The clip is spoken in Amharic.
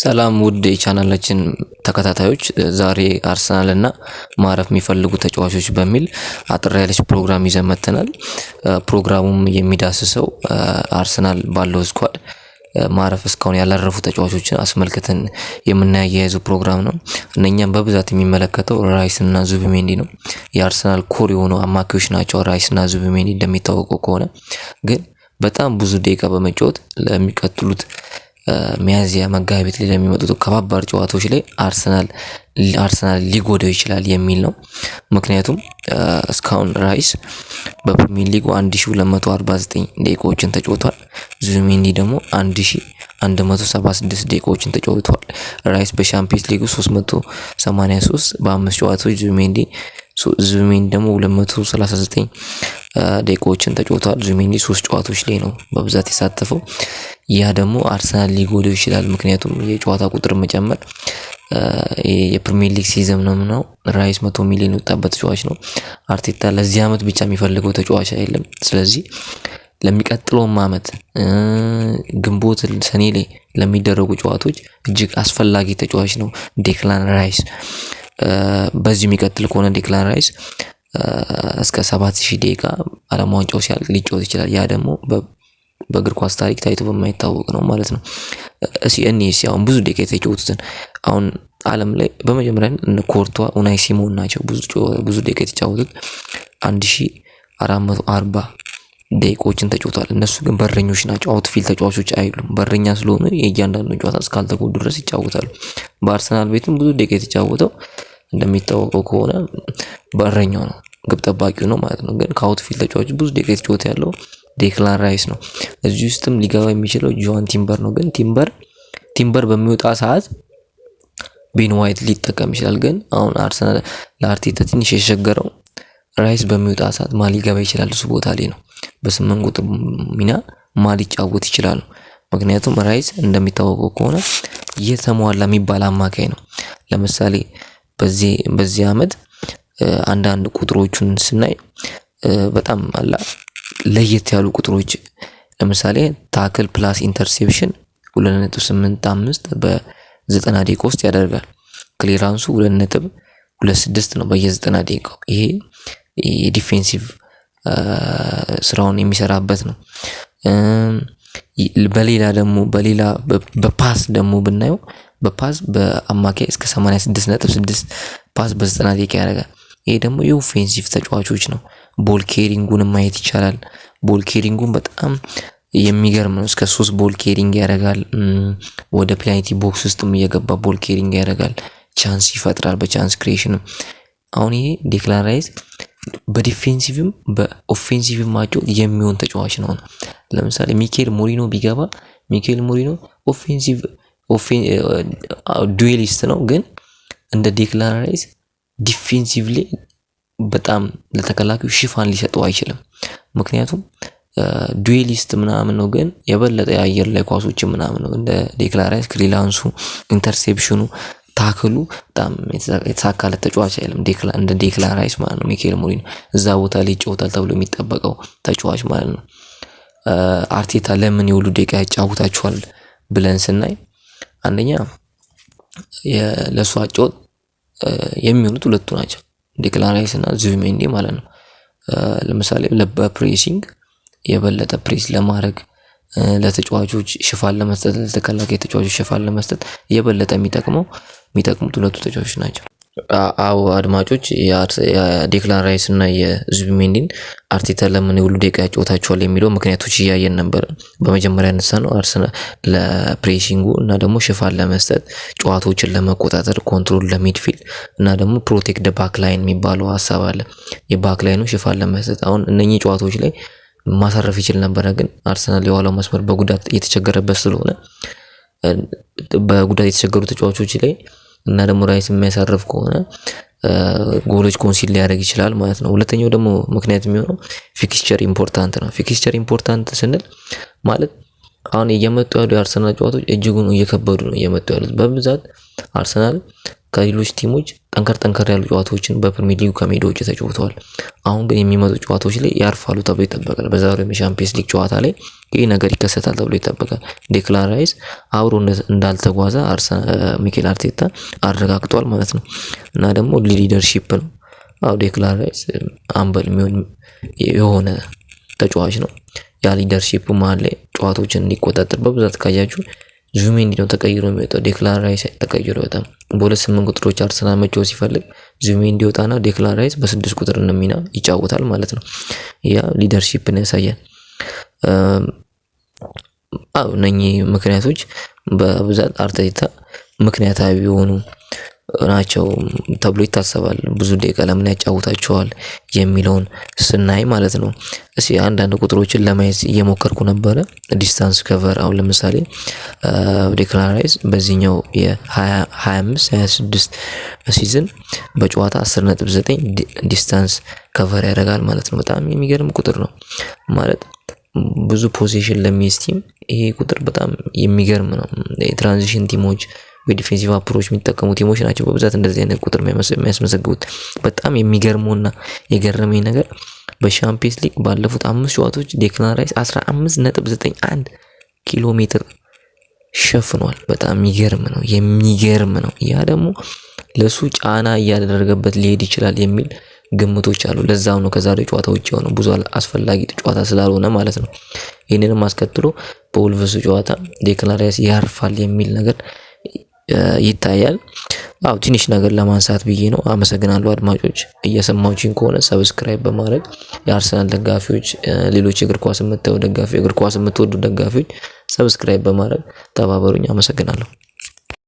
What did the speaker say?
ሰላም ውድ የቻናላችን ተከታታዮች፣ ዛሬ አርሰናል እና ማረፍ የሚፈልጉ ተጫዋቾች በሚል አጠር ያለች ፕሮግራም ይዘን መጥተናል። ፕሮግራሙም የሚዳስሰው አርሰናል ባለው ስኳድ ማረፍ እስካሁን ያላረፉ ተጫዋቾችን አስመልክተን የምናያያዙ ፕሮግራም ነው። እነኛም በብዛት የሚመለከተው ራይስ እና ዙቢሜንዲ ነው። የአርሰናል ኮር የሆኑ አማካዮች ናቸው ራይስ እና ዙቢሜንዲ። እንደሚታወቀው ከሆነ ግን በጣም ብዙ ደቂቃ በመጫወት ለሚቀጥሉት ሚያዚያ መጋቢት ላይ ለሚመጡት ከባባድ ጨዋታዎች ላይ አርሰናል አርሰናል ሊጎዳው ይችላል የሚል ነው። ምክንያቱም እስካሁን ራይስ በፕሪሚየር ሊጉ 1249 ደቂቃዎችን ተጫውቷል። ዙቢሜንዲ ደግሞ 1176 ደቂቃዎችን ተጫውቷል። ራይስ በሻምፒዮንስ ሊጉ 383 በአምስት ጨዋታዎች ዙቢሜንዲ ዙቢሜንዲ ደግሞ 239 ደቂቃዎችን ተጫውቷል። ዙሜንዲ ሶስት ጨዋታዎች ላይ ነው በብዛት የሳተፈው። ያ ደግሞ አርሰናል ሊጎዳው ይችላል። ምክንያቱም የጨዋታ ቁጥር መጨመር የፕሪሚየር ሊግ ሲዘም ነው ምናው ራይስ መቶ ሚሊዮን የወጣበት ተጫዋች ነው። አርቴታ ለዚህ አመት ብቻ የሚፈልገው ተጫዋች አይደለም። ስለዚህ ለሚቀጥለውም አመት ግንቦት ሰኔ ላይ ለሚደረጉ ጨዋታዎች እጅግ አስፈላጊ ተጫዋች ነው ዴክላን ራይስ። በዚሁ የሚቀጥል ከሆነ ዴክላን ራይስ እስከ ሰባት ሺህ ደቂቃ ዓለም ዋንጫው ሲያልቅ ሊጫወት ይችላል። ያ ደግሞ በእግር ኳስ ታሪክ ታይቶ በማይታወቅ ነው ማለት ነው። እሺ እኔ ሲ አሁን ብዙ ደቂቃ የተጫወቱትን አሁን ዓለም ላይ በመጀመሪያ እነ ኮርቷ ኡናይ ሲሞን ናቸው ብዙ ደቂቃ የተጫወቱት አንድ ሺ አራት መቶ አርባ ደቂቆችን ተጫውቷል። እነሱ ግን በረኞች ናቸው፣ አውትፊል ተጫዋቾች አይሉም። በረኛ ስለሆኑ የእያንዳንዱ ጨዋታ እስካልተጎዱ ድረስ ይጫወታሉ። በአርሰናል ቤትም ብዙ ደቂቃ የተጫወተው እንደሚታወቀው ከሆነ በረኛው ነው ግብ ጠባቂው ነው ማለት ነው። ግን ከአውትፊልድ ተጫዋች ብዙ ደቂቃ የተጫወተ ያለው ዴክላን ራይስ ነው። እዚህ ውስጥም ሊገባ የሚችለው ጆዋን ቲምበር ነው። ግን ቲምበር ቲምበር በሚወጣ ሰዓት ቤን ዋይት ሊጠቀም ይችላል። ግን አሁን አርሰናል ለአርቴታ ትንሽ የሸገረው ራይስ በሚወጣ ሰዓት ማ ሊገባ ይችላል? እሱ ቦታ ላይ ነው። በስምንት ቁጥር ሚና ማ ሊጫወት ይችላል? ምክንያቱም ራይስ እንደሚታወቀው ከሆነ የተሟላ የሚባል አማካይ ነው። ለምሳሌ በዚህ በዚህ አመት አንዳንድ ቁጥሮቹን ስናይ በጣም አላ ለየት ያሉ ቁጥሮች ለምሳሌ ታክል ፕላስ ኢንተርሴፕሽን 2.85 በ90 ደቂቃ ውስጥ ያደርጋል። ክሊራንሱ 2.26 ነው በየ90 ደቂቃው። ይሄ ዲፌንሲቭ ስራውን የሚሰራበት ነው። በሌላ ደግሞ በሌላ በፓስ ደግሞ ብናየው በፓስ በአማካይ እስከ 86.6 ፓስ በ90 ደቂቃ ያደርጋል። ይሄ ደግሞ የኦፌንሲቭ ተጫዋቾች ነው። ቦል ኬሪንጉን ማየት ይቻላል። ቦል ኬሪንጉን በጣም የሚገርም ነው። እስከ ሶስት ቦል ኬሪንግ ያደርጋል። ወደ ፔናልቲ ቦክስ ውስጥም እየገባ ቦል ኬሪንግ ያደርጋል። ቻንስ ይፈጥራል። በቻንስ ክሬሽንም አሁን ይሄ ዴክላን ራይስ በዲፌንሲቭም በኦፌንሲቭም ማቸው የሚሆን ተጫዋች ነው። ለምሳሌ ሚኬል ሞሪኖ ቢገባ ሚኬል ሞሪኖ ኦፌንሲቭ ዱዌሊስት ነው፣ ግን እንደ ዴክላን ራይስ ዲፌንሲቭሊ በጣም ለተከላካዩ ሽፋን ሊሰጠው አይችልም። ምክንያቱም ዱዌሊስት ምናምን ነው፣ ግን የበለጠ የአየር ላይ ኳሶች ምናምን ነው። እንደ ዴክላን ራይስ ክሊላንሱ፣ ኢንተርሴፕሽኑ፣ ታክሉ በጣም የተሳካለት ተጫዋች አይደለም፣ እንደ ዴክላን ራይስ ማለት ነው። ሚካኤል ሞሪኖ እዛ ቦታ ላይ ይጫወታል ተብሎ የሚጠበቀው ተጫዋች ማለት ነው። አርቴታ ለምን የሁሉ ደቂቃ ያጫውታችኋል ብለን ስናይ አንደኛ ለእሷ ጮት የሚሆኑት ሁለቱ ናቸው፣ ዴክላን ራይስ እና ዙቢሜንዲ ማለት ነው። ለምሳሌ በፕሬሲንግ የበለጠ ፕሬስ ለማድረግ ለተጫዋቾች ሽፋን ለመስጠት ለተከላካይ ተጫዋቾች ሽፋን ለመስጠት የበለጠ የሚጠቅመው የሚጠቅሙት ሁለቱ ተጫዋቾች ናቸው። አዎ አድማጮች የዴክላን ራይስ እና የዙቢሜንዲን አርቴታ ለምን የሁሉ ደቂቃ ያጫወታቸዋል የሚለው ምክንያቶች እያየን ነበር። በመጀመሪያ ያነሳ ነው አርሰናል ለፕሬሲንጉ እና ደግሞ ሽፋን ለመስጠት ጨዋታዎችን ለመቆጣጠር ኮንትሮል ለሚድፊልድ እና ደግሞ ፕሮቴክት ባክላይን የሚባለው ሀሳብ አለ። የባክላይኑ ሽፋን ለመስጠት አሁን እነኚህ ጨዋታዎች ላይ ማሳረፍ ይችል ነበረ፣ ግን አርሰናል የኋላው መስመር በጉዳት እየተቸገረበት ስለሆነ በጉዳት የተቸገሩ ተጫዋቾች ላይ እና ደግሞ ራይስ የሚያሳርፍ ከሆነ ጎሎች ኮንሲል ሊያደርግ ይችላል ማለት ነው። ሁለተኛው ደግሞ ምክንያት የሚሆነው ፊክስቸር ኢምፖርታንት ነው። ፊክስቸር ኢምፖርታንት ስንል ማለት አሁን እየመጡ ያሉ የአርሰናል ጨዋታዎች እጅጉን እየከበዱ ነው እየመጡ ያሉት በብዛት አርሰናል ከሌሎች ቲሞች ጠንከር ጠንከር ያሉ ጨዋታዎችን በፕሪሚየር ሊግ ከሜዳ ውጭ ተጫውተዋል። አሁን ግን የሚመጡ ጨዋታዎች ላይ ያርፋሉ ተብሎ ይጠበቃል። በዛሬው የሻምፒየንስ ሊግ ጨዋታ ላይ ይህ ነገር ይከሰታል ተብሎ ይጠበቃል። ዴክላን ራይስ አብሮ እንዳልተጓዘ ሚኬል አርቴታ አረጋግጧል ማለት ነው እና ደግሞ ሊደርሺፕ ነው። አዎ ዴክላን ራይስ አምበል የሚሆን የሆነ ተጫዋች ነው። ያ ሊደርሺፕ መሀል ላይ ጨዋታዎችን እንዲቆጣጠር በብዛት ካያችሁ ዙሜ እንዲህ ነው ተቀይሮ የሚወጣው። ዴክላን ራይስ ተቀይሮ በጣም በሁለት ስምንት ቁጥሮች አርሰናል መጫወት ሲፈልግ ዙሜ እንዲወጣና ዴክላን ራይስ በስድስት ቁጥር ሚና ይጫወታል ማለት ነው። ያ ሊደርሺፕን ያሳያል። አው እነኚህ ምክንያቶች በብዛት አርቴታ ምክንያታዊ የሆኑ ናቸው ተብሎ ይታሰባል። ብዙ ደቂቃ ለምን ያጫውታቸዋል የሚለውን ስናይ ማለት ነው። እስኪ አንዳንድ ቁጥሮችን ለማየት እየሞከርኩ ነበረ። ዲስታንስ ከቨር አሁን ለምሳሌ ዴክላራይዝ በዚህኛው የ25 26 ሲዝን በጨዋታ 19 ዲስታንስ ከቨር ያደርጋል ማለት ነው። በጣም የሚገርም ቁጥር ነው ማለት ብዙ ፖዚሽን ለሚስቲም ይሄ ቁጥር በጣም የሚገርም ነው። የትራንዚሽን ቲሞች ወይ ዲፌንሲቭ አፕሮች የሚጠቀሙ ቲሞች ናቸው በብዛት እንደዚህ አይነት ቁጥር የሚያስመዘግቡት። በጣም የሚገርመውና የገረመኝ ነገር በሻምፒየንስ ሊግ ባለፉት አምስት ጨዋታዎች ዴክላን ራይስ 15 ነጥብ 91 ኪሎ ሜትር ሸፍኗል። በጣም የሚገርም ነው፣ የሚገርም ነው። ያ ደግሞ ለሱ ጫና እያደረገበት ሊሄድ ይችላል የሚል ግምቶች አሉ። ለዛም ነው ከዛሬ ጨዋታ ውጭ የሆነው ብዙ አስፈላጊ ጨዋታ ስላልሆነ ማለት ነው። ይህንንም አስከትሎ በወልቨሱ ጨዋታ ዴክላን ራይስ ያርፋል የሚል ነገር ይታያል። አው ትንሽ ነገር ለማንሳት ብዬ ነው። አመሰግናለሁ አድማጮች፣ እየሰማችሁኝ ከሆነ ሰብስክራይብ በማድረግ የአርሰናል ደጋፊዎች፣ ሌሎች እግር ኳስ የምታዩ ደጋፊ እግር ኳስ የምትወዱ ደጋፊዎች ሰብስክራይብ በማድረግ ተባበሩኝ። አመሰግናለሁ።